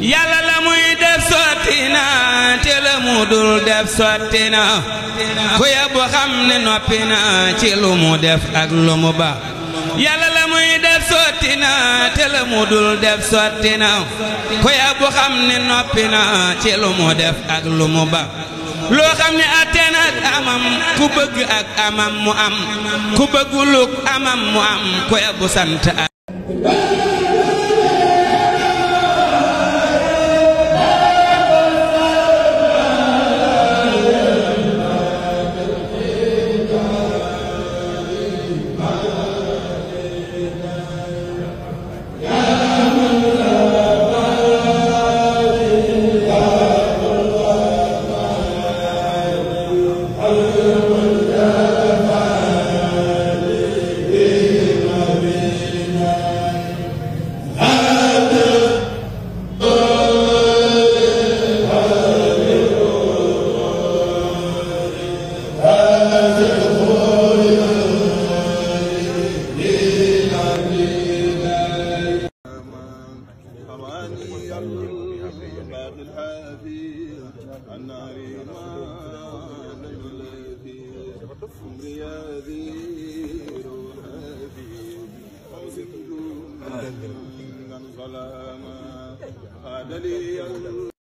yàlla la muy def sotti na mu dul def sotti na ku xam ne noppi na ci lu mu def ak lu mu ba yàlla la muy def sotti na te mu dul def sotti na ku xam ne noppi na mu def ak lu mu ba loo xam ne atteen ak amam ku bëgg ak amam mu am ku bëgguluk amam mu am ku yebbu sant ak باقي الحافي عن ناري ما نجم عمري هذه روح هذه فوز عن ظلاما قال لي